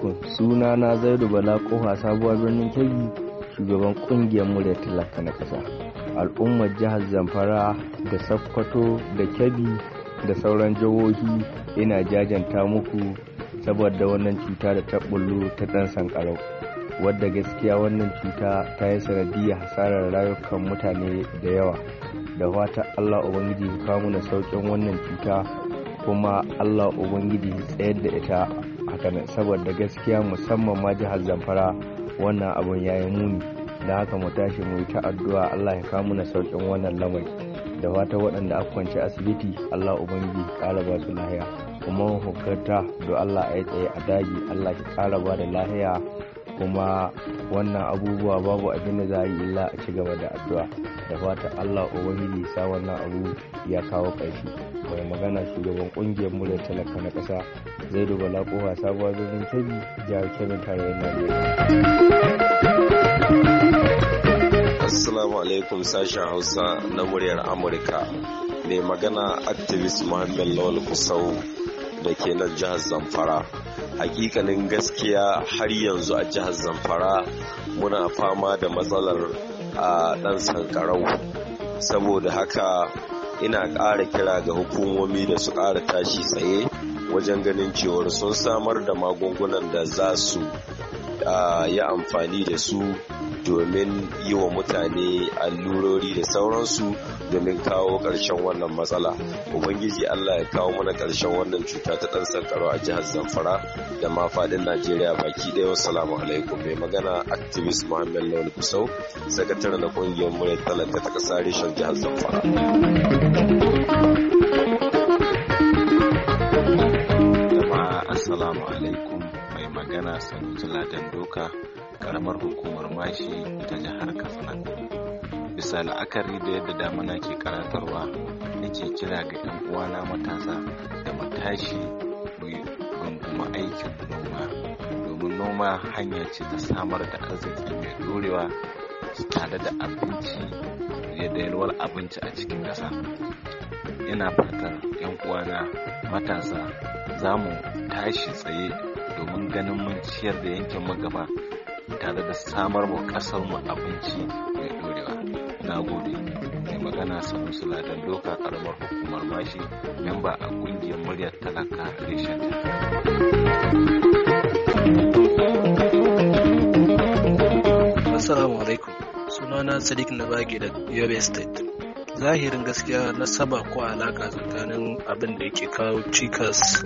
alaikum suna na zaidu bala kofa sabuwar birnin kebbi shugaban kungiyar murya talaka na kasa al'ummar jihar zamfara da sakkwato da kebbi da sauran jihohi ina jajanta muku saboda wannan cuta da ta bullo ta dan sankarau wadda gaskiya wannan cuta ta yi sanadiyar hasarar rayukan mutane da yawa da fatan allah ubangiji kamuna na saukin wannan cuta kuma allah ubangiji tsayar da ita haka saboda gaskiya musamman ma jihar zamfara wannan abun ya yi muni da haka mu tashi mu yi ta addu'a allah ya kawo mana sauƙin wannan lamari da wata waɗanda aka kwanci asibiti allah ubangiji ƙara ba su lahiya kuma hukunta da allah ya tsaye a daji allah ya ƙara ba da lahiya kuma wannan abubuwa babu abin da za a yi illa a ci gaba da addu'a da fata allah ubangiji sa wannan abu ya kawo ƙarshe mai magana shugaban ƙungiyar mu talaka na ƙasa zai duba laƙowa sabuwar birnin kebi jihar kebin tarayyar najeriya assalamu alaikum sashen hausa na muryar amurka mai magana activist muhammad lawal kusau da ke nan jihar zamfara hakikanin gaskiya har yanzu a jihar zamfara muna fama da matsalar a ɗan sankarau saboda haka ina ƙara kira ga hukumomi da su ƙara tashi tsaye wajen ganin cewar sun samar da magungunan da za su yi amfani da su domin yi wa mutane allurori da sauransu domin kawo ƙarshen wannan matsala ubangiji allah ya kawo mana ƙarshen wannan cuta ta ɗan sankaro a jihar zamfara da ma faɗin najeriya baki ɗaya salamu alaikum mai magana activist muhammad lawal kusau sakatare na ƙungiyar muryar talaka ta ƙasa reshen jihar zamfara Assalamu alaikum mai magana Sanusi Ladan Doka karamar hukumar mashi ta jihar katsina bisa la'akari da yadda damana ke karatarwa nake kira ga 'yan uwana matasa da matashi mai gunguma aikin noma domin noma hanya ce ta samar da arziki mai dorewa tare da abinci da yalwar abinci a cikin ƙasa ina fatar 'yan uwana matasa za mu tashi tsaye domin ganin mun ciyar da yankin magaba tare da samar wa kasar mu abinci mai dorewa na gode mai magana sanu ladan doka karamar hukumar mashi memba a ƙungiyar muryar talaka reshen assalamu alaikum sunana sadiq na nabage da yobe state zahirin gaskiya na saba ko alaka tsakanin abin da yake kawo cikas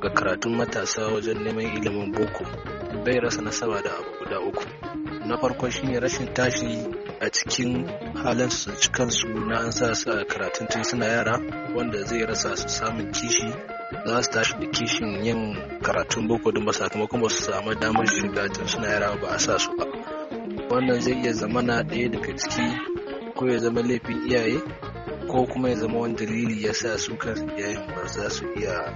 ga karatun matasa wajen neman ilimin boko bai rasa nasaba da abu guda uku na farko shine rashin tashi a cikin halin su kansu na an sa su a karatun tun suna yara wanda zai rasa su samun kishi za su tashi da kishin yin karatun boko don ba sakamakon ba su samu damar shiga tun suna yara ba a sa su ba wannan zai iya zama na ɗaya daga ciki ko ya zama laifin iyaye ko kuma ya zama wani dalili ya sa su kan iyayen ba za su iya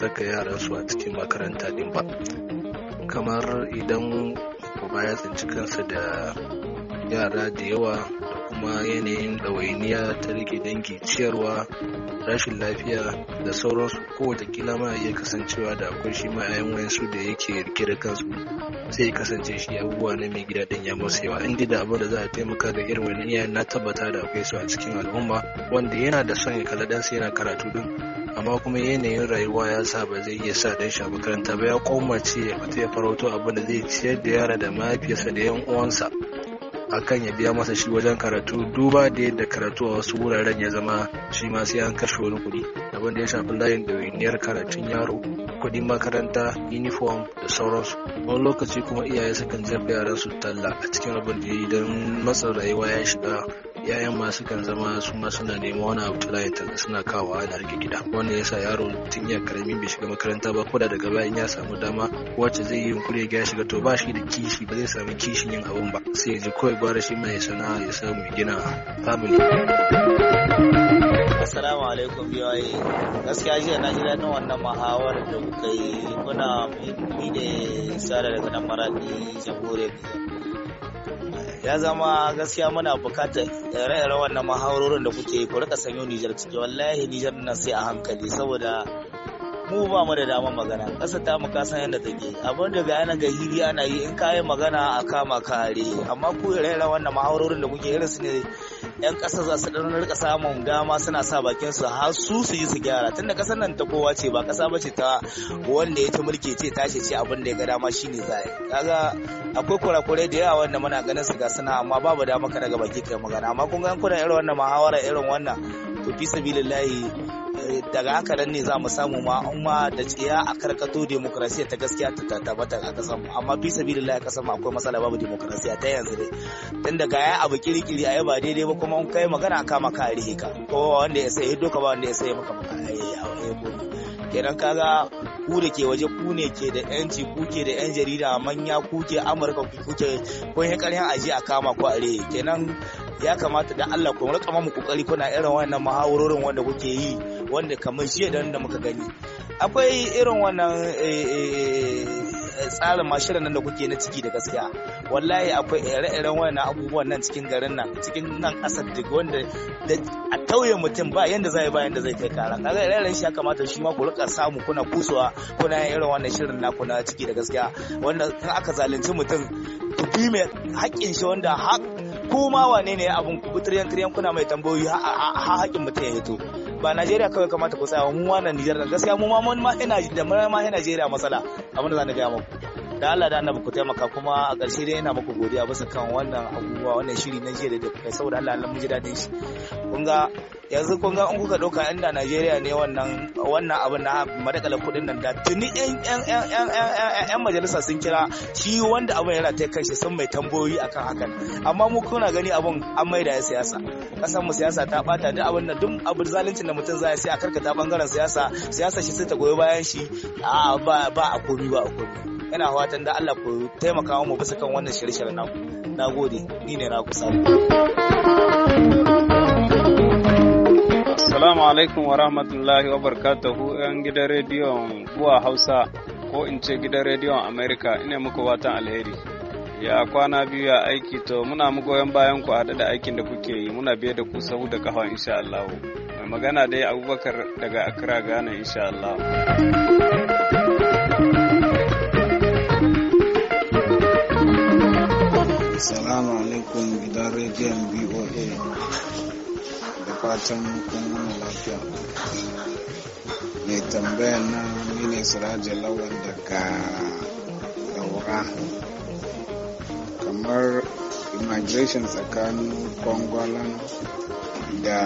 saka yaransu a cikin makaranta din ba kamar idan uba ya tsinci kansa da yara da yawa da kuma yanayin ɗawainiya ta rike dangi ciyarwa rashin lafiya da sauransu kowace kila ma iya kasancewa da akwai shi ma yayan wayansu da yake rike da kansu sai ya kasance shi abubuwa na mai gida ɗin ya masa yawa in da abu da za a taimaka ga irin wani iyayen na tabbata da akwai su a cikin al'umma wanda yana da son ya kala ɗansa yana karatu din amma kuma yanayin rayuwa ya sa ba zai iya sa dan shi makaranta ba ya koma ya fita ya farauto abin da zai ciyar da yara da mahaifiyarsa da yan uwansa akan ya biya masa shi wajen karatu duba da yadda karatu a wasu wuraren ya zama shi ma sai an kashe wani kuɗi abin da ya shafi layin ɗawainiyar karatun yaro kuɗin makaranta uniform da sauransu wani lokaci kuma iyaye sukan jefa yaran su talla a cikin abin da ya yi don matsin rayuwa ya shiga yayan masu sukan zama su ma suna nema wani abu tula suna kawo a rike gida wannan yasa yaro tun ya karami bai shiga makaranta ba ko da daga baya in ya samu dama wacce zai yi yunkuri ya shiga to ba shi da kishi ba zai samu kishin yin abun ba sai ya ji kawai gwara shi mai sana'a ya samu gina family Assalamu alaikum biyoyi gaskiya jiya na ji daɗin wannan mahawar da kuka yi kuna ni ne sada daga nan maraɗi jamhuriyar ya zama gaskiya muna bukatar ire-iren wannan mahaurorin da kuke ku rika sanyo Nijar ciki wallahi Nijar nan sai a hankali saboda mu ba mu da damar magana ƙasa ta mu kasan yadda take abin da ga yana ga ana yi in kayi magana a kama kare amma ku ire-iren wannan mahaurorin da kuke irin su ne 'yan ƙasa za su rika samun dama suna sa bakin su har su su yi su gyara tunda ƙasar nan ta kowa ce ba ƙasa ba ce ta wanda ya ta mulki ce ta ce abin da ya ga dama shine yi kaga akwai kurakurai da yawa wanda muna ganin su ga suna amma babu dama ka daga baki kai magana amma kun ga kuna irin wannan muhawara irin wannan to fi sabilillahi daga haka nan ne za mu samu ma umma da tsiya a karkato demokrasiya ta gaskiya ta tabbata a kasar mu amma fi lillahi kasar mu akwai matsala babu demokrasiya ta yanzu ne tun daga ya abu kirkiri a ba daidai ba kuma an kai magana ka maka rihe ka ko wanda ya sai doka ba wanda ya sai maka maka kenan kaga ku da ke waje ku ne ke da yanci ku ke da yan jarida manya ku ke amurka ku ke kun yi karyan aji a kama ku a kenan ya kamata da Allah ku rika mu kokari kuna irin wannan muhawarorin wanda kuke yi wanda kamar jiya da muka gani akwai irin wannan eh, eh, tsarin mashirin nan da kuke na ciki da gaskiya wallahi akwai ire-iren wannan abubuwan nan cikin garin nan cikin nan kasar da wanda a tauye mutum ba yanda zai ba yanda zai kai kara kaga ire-iren shi ya kamata shi ma ku rika samu kuna kusowa kuna yin irin wannan shirin na kuna ciki da gaskiya wanda aka zalunci mutum ku bi mai haƙƙin shi wanda kuma wane ne abun ku tiryan kuna mai tambayoyi ha haƙin mutum ya hito ba Najeriya kawai kamata ku tsaya mu wannan Nijar da gaskiya mu ma mun ma ina da mun ma ina Najeriya matsala abin da zan ga muku da Allah da annabi ku taimaka kuma a ƙarshe dai ina muku godiya bisa kan wannan abubuwa wannan shiri na jiya da kuka saboda Allah Allah mun ji daɗin shi kun ga yanzu kun ga in kuka doka inda Najeriya ne wannan wannan abin na madakalar kuɗin nan da tuni yan majalisa sun kira shi wanda abin yana ta kai shi sun mai tambayoyi akan hakan amma mu kuna gani abin an mai da siyasa kasan mu siyasa ta bata duk abin da duk abin zalincin da mutum zai sai a karkata bangaren siyasa siyasa shi sai ta goyi bayan shi a ba a komi ba a komi ina fatan da Allah ku taimaka mu bisa kan wannan shirye-shiryen naku nagode ni ne na kusa Assalamu alaikum wa rahmatullahi wa barkatahu 'yan gidan rediyon kuwa Hausa ko in ce gidan rediyon Amerika ina muku watan alheri. Ya kwana biyu ya aiki to muna mu goyon bayan ku haɗe da aikin da kuke yi muna biye da ku sau da kafa insha Allah. Mai magana dai Abubakar daga Accra Ghana insha Allah. fatan kunguna lafiya mai tambaya na nile sirajin lawan daga daura kamar immigration tsakanin kwangwalan da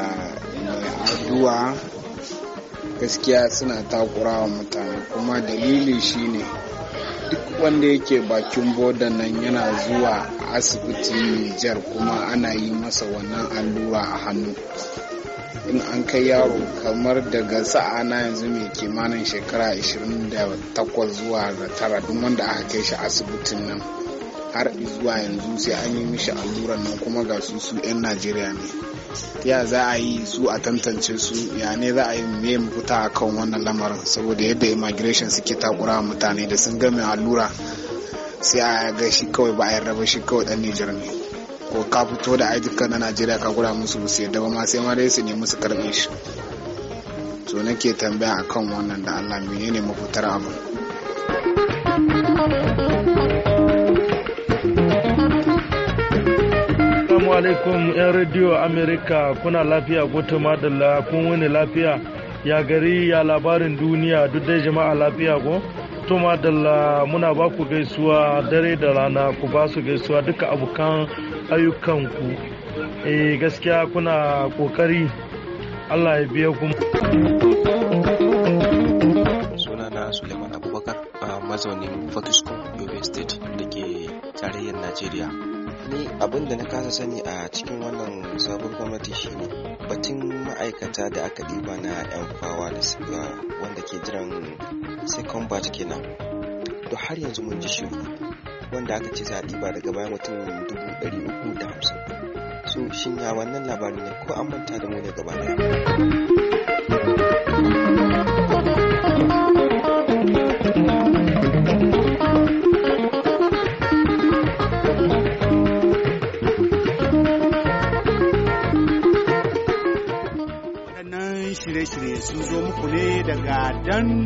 mai aduwa gaskiya suna takurawa mutane kuma dalili shine ne duk wanda yake bakin bodan nan yana zuwa asibiti Nijar kuma ana yi masa wannan allura a hannu in an kai yaro kamar daga sa'a na yanzu mai kimanin shekara 28 zuwa da tara duk wanda aka kai shi asibitin nan har zuwa yanzu sai an yi mishi allurar nan kuma ga su su 'yan najeriya ne ya za a yi su a tantance su ya ne za a yi me mafita a kan wannan lamarin saboda yadda immigration suke takura mutane da sun game allura sai a ga shi kawai ba a yi raba shi kawai dan Nijar ne ko ka fito da ayyukan na Najeriya ka gura musu su yadda ba ma sai ma dai su nemi su shi to nake tambaya a kan wannan da Allah menene mafitar abu Assalamu alaikum 'yan radio Amerika kuna lafiya goto madalla kun wani lafiya ya gari ya labarin duniya duk dai jama'a lafiya ko? To madalla muna ba ku gaisuwa dare da rana ku ba su gaisuwa duka abokan ayyukanku. E gaskiya kuna kokari Allah ya biya ku. Sunana Suleiman Abubakar mazaunin Fakisko, Yobe State da ke tarayyar Najeriya. ni abin da na kasa sani a cikin wannan sabon gwamnati shine batun ma'aikata da aka diba na 'yan fawa da suka wanda ke jiran second batch kenan to har yanzu mun ji shiru wanda aka ce za a ɗiba daga bayan mutum dubu ɗari uku da hamsin so shin ya wannan labarin ne ko an manta da mu ne gaba ɗaya जन्म